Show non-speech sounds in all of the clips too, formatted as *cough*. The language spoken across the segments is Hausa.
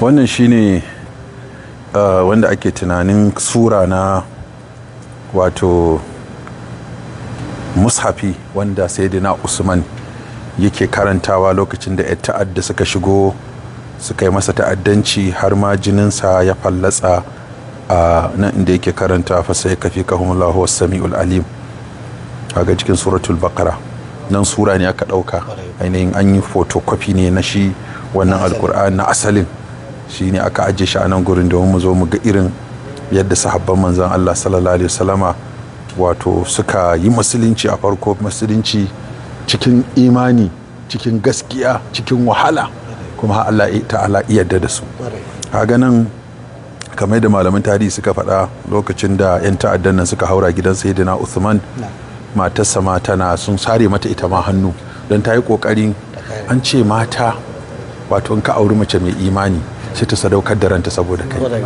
wannan shine uh, wanda ake tunanin sura na wato mushafi wanda sai saidina usman yake karantawa lokacin da ya ta'adda suka shigo suka yi masa ta'addanci har ma jininsa ya fallatsa a nan inda yake karanta fasa ya kafi kahumullahu was-sami'ul alim ga cikin suratul bakara nan sura ne aka ɗauka ainihin an yi photocopy ne na shi wannan alkur'an na asalin Shi ne aka ajiye shi a nan gurin domin mu zo mu ga irin yadda sahabban manzan Allah sallallahu alaihi wasallama wato suka yi musulunci a farko musulunci cikin imani cikin gaskiya cikin wahala kuma har Allah ta'ala yarda da su kaga nan kamar da malamin tarihi suka faɗa lokacin da 'yan ta'addan nan suka haura gidan sayyidina Uthman matarsa mata na sun sare mata ita ma hannu don ta yi ƙoƙarin an ce mata wato in ka auri mace mai imani sai ta sadaukar da ranta saboda kai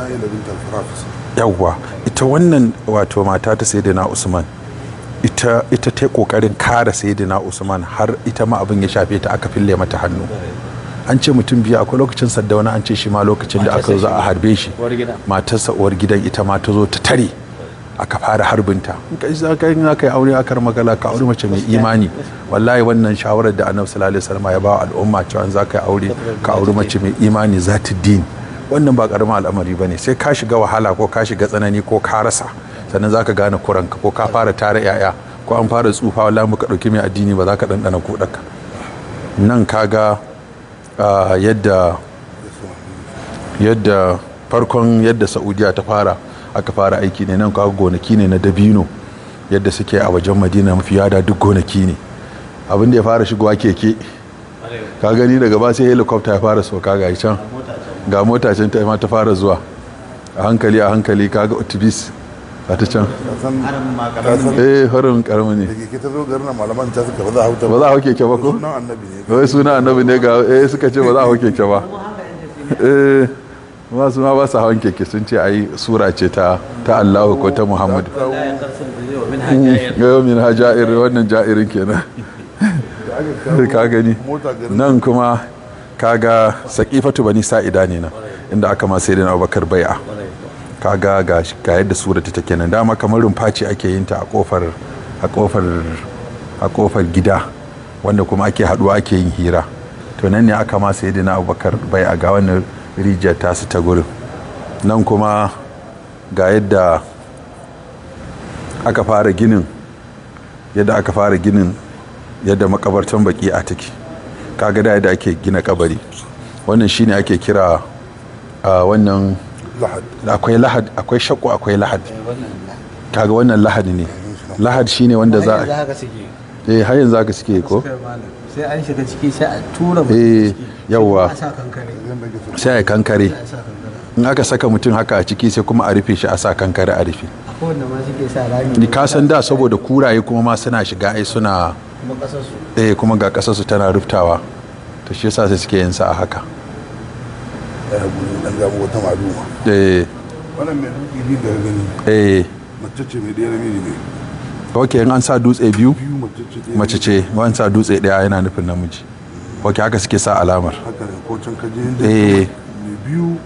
yawwa ita wannan wato mata ta na usman ita ita ta kokarin kare na usman har ita ma abin ya shafe ta aka fille mata hannu an ce mutum biyu akwai lokacin wani an ce shi ma lokacin da aka zo a harbe shi matarsa uwar gidan ita ma ta zo ta tare aka fara harbinta in ka yi aka aure aka magala ka aure mace mai imani wallahi wannan shawarar da annabi sallallahu alaihi wasallam ya ba al'umma cewa za ka yi aure ka aure mace mai imani za ta din wannan ba karamin al'amari bane sai ka shiga wahala ko ka shiga tsanani ko ka rasa sannan za ka gane ka ko ka fara tara yaya ko an fara tsufa wallahi muka dauki mai addini ba za ka dandana ko daka nan kaga yadda yadda farkon yadda saudiya ta fara aka fara aiki ne nan kawo gonaki ne na dabino yadda suke a wajen madina mafi yada duk gonaki ne abin da ya fara shigowa keke ka gani daga ba sai helicopter ya fara sauka ga can ga mota can ta ma ta fara zuwa a hankali a hankali ka ga otibis a ta can eh harin karamin ne ba za a hau keke ba ko wai suna annabi ne ga eh suka ce ba za a hau keke ba eh dama su ma ba su hawan keke sun ce ai sura ce ta Allahu ko ta Muhammadu min hajair wannan jairin kenan *laughs* ka gani nan kuma kaga saqifatu bani sa'ida ne nan inda aka ma sai Abubakar bai'a kaga ga ga yadda sura ta take nan dama kamar rumfaci ake yin ta a kofar gida wanda kuma ake haɗuwa ake yin hira to nan ne aka ma sai Abubakar bai'a ga wannan rijiyar tasu ta gurin nan kuma ga yadda aka fara ginin yadda aka fara ginin yadda makabartan baki a take kaga da yadda ake gina kabari wannan shine ake kira a wannan akwai lahad akwai shakku akwai lahad kaga eh, wannan lahad ne lahad shine wanda za a eh hayan za ka suke ko sai an shiga ciki sai a tura mutum eh. ciki yawwa sai a kankare in aka saka mutum haka a ciki sai kuma a rufe shi a sa kankare a rufe ni ka san da saboda kuraye kuma ma suna shiga ai suna eh kuma ga kasar su tana ruftawa to shi yasa sai suke yin sa a haka eh, eh. wannan mai rufi da gani eh mace ce mai da namiji ne okay an sa dutse biyu mace ce an sa dutse daya yana nufin namiji ok haka suke sa alamar E biyu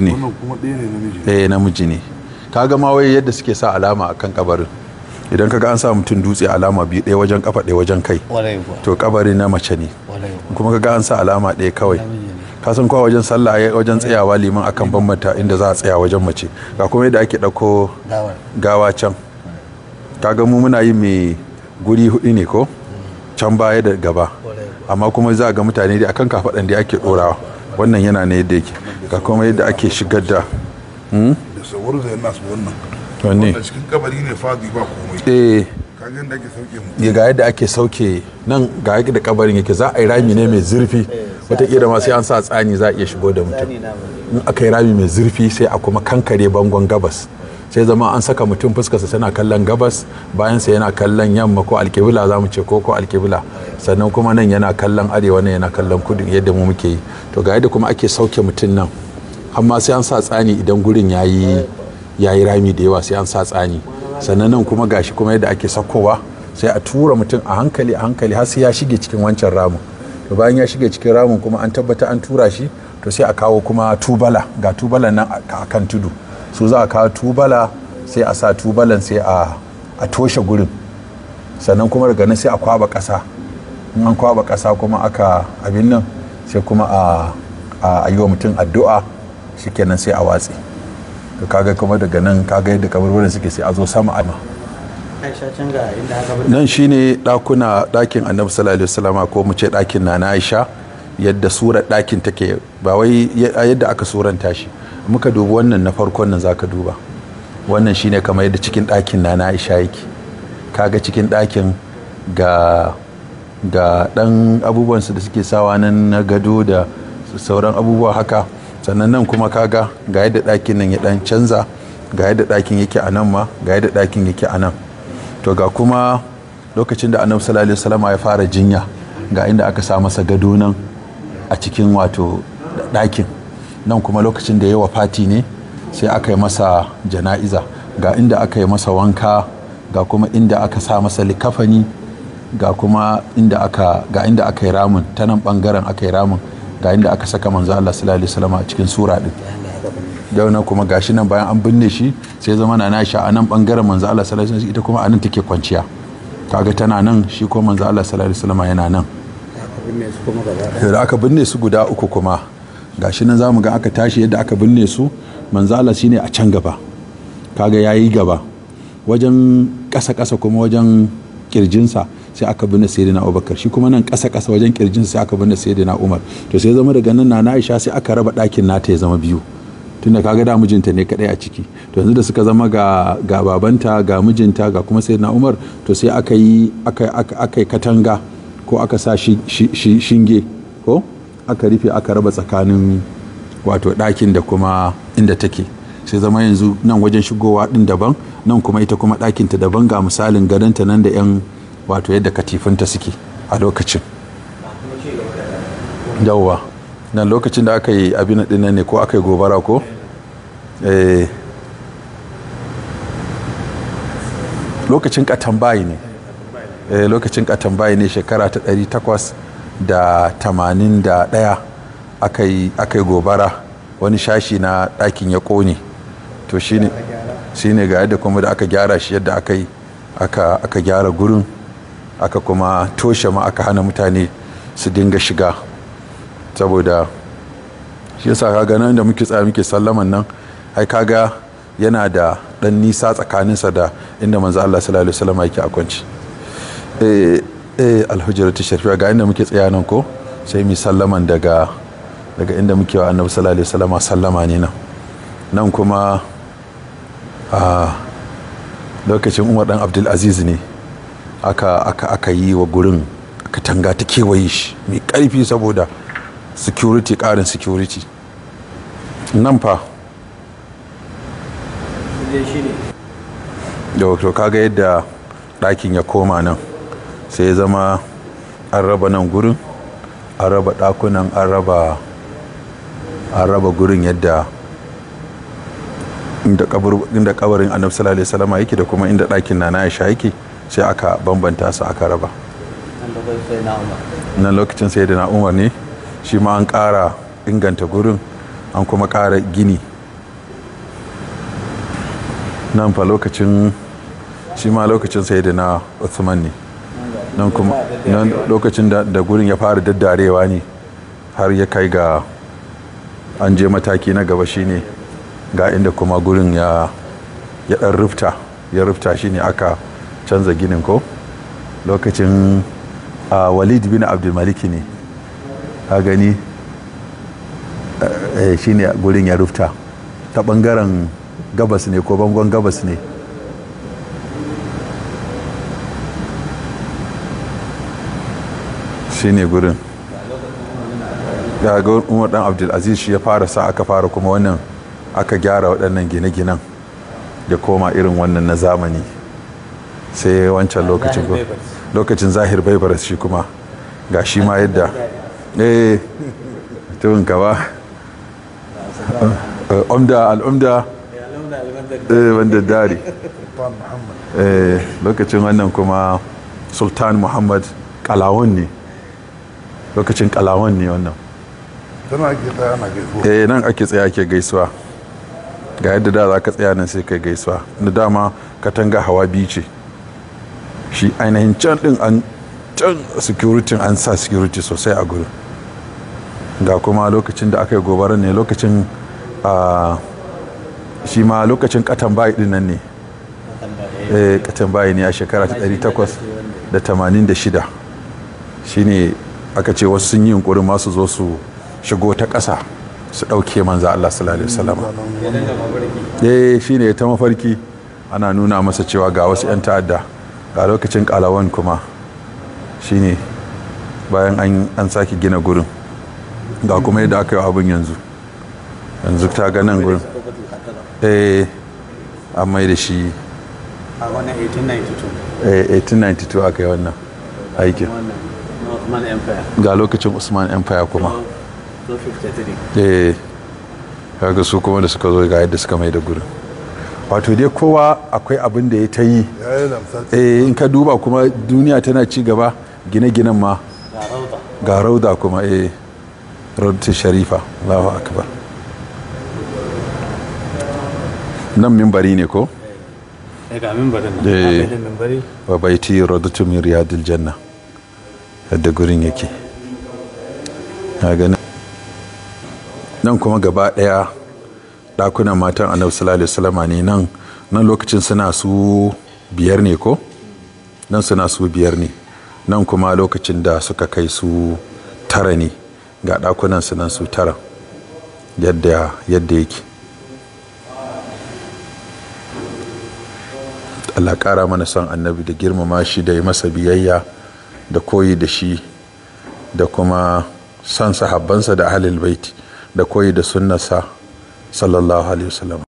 ne E namiji ne kaga ma wai yadda suke sa alama akan kabarin idan kaga an sa mutum dutse alama biyu ɗaya wajen kafa ɗaya wajen kai to kabari na mace ne kuma kaga an sa alama ɗaya kawai ka san kowa wajen sallah wajen tsayawa liman akan bambanta inda za a tsaya wajen mace ga kuma yadda ake ɗauko gawa can kaga mu muna yi mai guri hudu ne ko can baya da gaba amma kuma za a ga mutane da akan kafaɗan da ake ɗorawa wannan yana ne yadda yake ga kuma yadda ake shigar da hmm? wanne cikin kabari ne fadi ba komai eh ya ga yadda ake sauke nan ga yadda kabarin yake za a yi rami ne mai zurfi eh, wataƙila ma sai an sa tsani za a iya shigo da mutum in aka yi rami mai zurfi sai a kuma kankare bangon gabas sai zama an saka mutum fuskarsa tana kallon gabas bayansa yana kallon yamma ko alkibila za mu ce ko ko alkibila sannan kuma nan yana kallon arewa nan yana kallon kudu yadda mu muke yi to ga yadda kuma ake sauke mutum nan amma sai an sa tsani idan gurin yayi yayi rami da yawa sai an sa tsani sannan nan kuma gashi kuma yadda ake sakowa sai a tura mutum a hankali a hankali har sai ya shige cikin wancan ramin to bayan ya shige cikin ramin kuma an tabbata an tura shi to sai a kawo kuma tubala ga tubala nan a kan tudu su za a kawo tubala sai a sa tubalan sai a toshe gurin sannan kuma daga nan sai a kwaba kasa in an kwaba ƙasa kuma aka abin nan sai kuma a yi wa mutum addu'a shikenan sai a watsi to kaga kuma daga nan kaga yadda kaburburan suke sai a zo sama a nan shine dakuna dakin annabi sallallahu alaihi wasallam ko mu ce na nana aisha yadda surar dakin take ba wai yadda aka suranta shi muka dubi wannan na farkon nan zaka duba wannan shine kamar yadda cikin ɗakin na Aisha yake kaga cikin ɗakin ga ga ɗan abubuwansu da suke sawa nan na gado da sauran abubuwa haka sannan nan kuma kaga ga yadda ɗakin nan ya ɗan canza ga yadda ɗakin yake a nan ma ga yadda ɗakin yake a nan to ga kuma lokacin da annabi sallallahu alaihi wasallam ya fara jinya ga inda aka sa masa gado nan a cikin wato ɗakin nan kuma lokacin da ya wa fati ne sai aka yi masa jana'iza ga inda aka yi masa wanka ga kuma inda aka sa masa likafani ga kuma inda aka ga inda aka yi ramin ta nan bangaren aka yi ramin ga inda aka saka manzo Allah sallallahu alaihi wasallam a cikin sura din dauna kuma gashi nan bayan an binne shi sai zama na nashi a nan bangaren manzo Allah sallallahu alaihi wasallam ita kuma a nan take kwanciya kaga tana nan shi ko manzo Allah sallallahu alaihi wasallam yana nan da aka binne su guda uku kuma shi nan zamu ga aka tashi yadda aka binne su manzala shi shine a can gaba kaga yayi gaba wajen ƙasa ƙasa kuma wajen kirjinsa sai aka binne sayyidina Abubakar shi kuma nan kasa-kasa wajen kirjinsa sai aka binne sayyidina Umar to sai zama daga nan na Aisha sai aka raba ɗakin nata ya zama biyu tunda kaga da mijinta ne kaɗai a ciki to yanzu da suka zama ga ga babanta ga mijinta ga kuma sayyidina Umar to sai aka yi katanga ko aka sa shi shinge ko aka rufe aka raba tsakanin wato ɗakin da kuma inda take sai zama yanzu nan wajen shigowa ɗin daban nan kuma ita kuma ɗakinta daban ga misalin garinta nan da 'yan wato yadda katifinta suke a lokacin yawwa nan lokacin da aka yi abin ɗin ne ko aka yi gobara ko eh. lokacin katambayi ne eh, lokacin katambayi ne shekara ta 800 da tamanin da ɗaya aka yi gobara wani shashi na ɗakin ya kone to shi ne ga yadda kuma da aka gyara shi yadda aka yi aka gyara gurin aka kuma toshe ma aka hana mutane su dinga shiga saboda shi yasa kaga nan da muke tsaya muke sallaman nan ai kaga yana da ɗan nisa tsakaninsa da inda manzo Allah sallallahu alaihi wasallam yake akwanci eh ta shafi sharfiya ga inda muke tsaya nan ko sai mu sallaman daga daga inda muke wa annabi sallallahu alaihi wasallama sallama ne nan nan kuma a lokacin umar dan abdul aziz ne aka aka yi wa gurin katanga ta kewaye shi mai karfi saboda security karin security nan fa da wato kaga yadda ɗakin ya koma nan sai ya zama an raba nan gurin an raba ɗakunan an raba an raba gurin yadda inda kabarin annabi sallallahu alaihi wasallam yake da kuma inda ɗakin na na aisha yake sai aka bambanta su aka raba nan lokacin sai da na ne shi ma an ƙara inganta gurin an kuma ƙara gini nan fa lokacin shi ma lokacin sai da na usman ne nan lokacin da gurin ya fara daddarewa ne har ya kai ga an je mataki na gaba shine ga inda kuma gurin ya ya dan rufta ya rufta shine aka canza ginin ko lokacin walid bin abdulmaliki ne a gani eh, eh, shine gurin ya rufta ta bangaren gabas ne ko bangon gabas ne shi ne gurin ga umar dan abdulaziz shi ya fara sa aka fara kuma wannan aka gyara waɗannan gine-ginen ya koma irin wannan na zamani sai wancan lokacin lokacin zahir bar shi kuma ga shi ma yadda eh tun gaba eh, umda al'umda wanda eh, dari eh, lokacin wannan kuma sultan muhammad kalawun ne lokacin kalawan ne wannan eh nan ake tsaya ake gaisuwa ga yadda da za ka tsaya nan sai kai gaisuwa da dama katanga hawa biyu ce shi ainihin can din an can security an sa security sosai a gurin ga kuma lokacin da aka yi gobara ne lokacin shi ma lokacin katan bayi din nan ne eh, katan bayi ne a shekara ta shi shine aka ce wasu sun yi yunkurin masu zo su shigo ta ƙasa su ɗauke manza Allah salama alaihi wasallam eh, shi ne ta mafarki ana nuna masa cewa ga wasu 'yan ta'adda ga lokacin kalawan kuma shi ne bayan an sake gina gurin ga kuma yadda aka yi abin yanzu yanzu ta ganin nan gurin eh an mai da shi a wannan 1892 eh 1892 aka yi wannan aikin Usman Empire ga lokacin Usman Empire kuma 253 eh kaga su kuma da suka zo ga yadda suka mai da gurin wato dai kowa akwai abin da ya ta yi eh in ka duba kuma duniya tana ci gaba gine-ginen ma ga rauda kuma eh rauda sharifa Allahu akbar nan mimbari ne ko? Eh, ga mimbarin nan. Eh, wa baiti rauda min janna. da gurin yake nan kuma gaba ɗaya ɗakunan matan annabi sallallahu alaihi wasallam ne nan nan lokacin suna su biyar ne ko nan suna su biyar ne nan kuma lokacin da suka kai su tara ne ga ɗakunan su nan su tara yadda yadda yake Allah ƙara mana son annabi da girmama shi da yi masa biyayya da koyi da shi da kuma son sahabbansa da ahlul baiti da koyi da sunnarsa sallallahu alaihi wasallam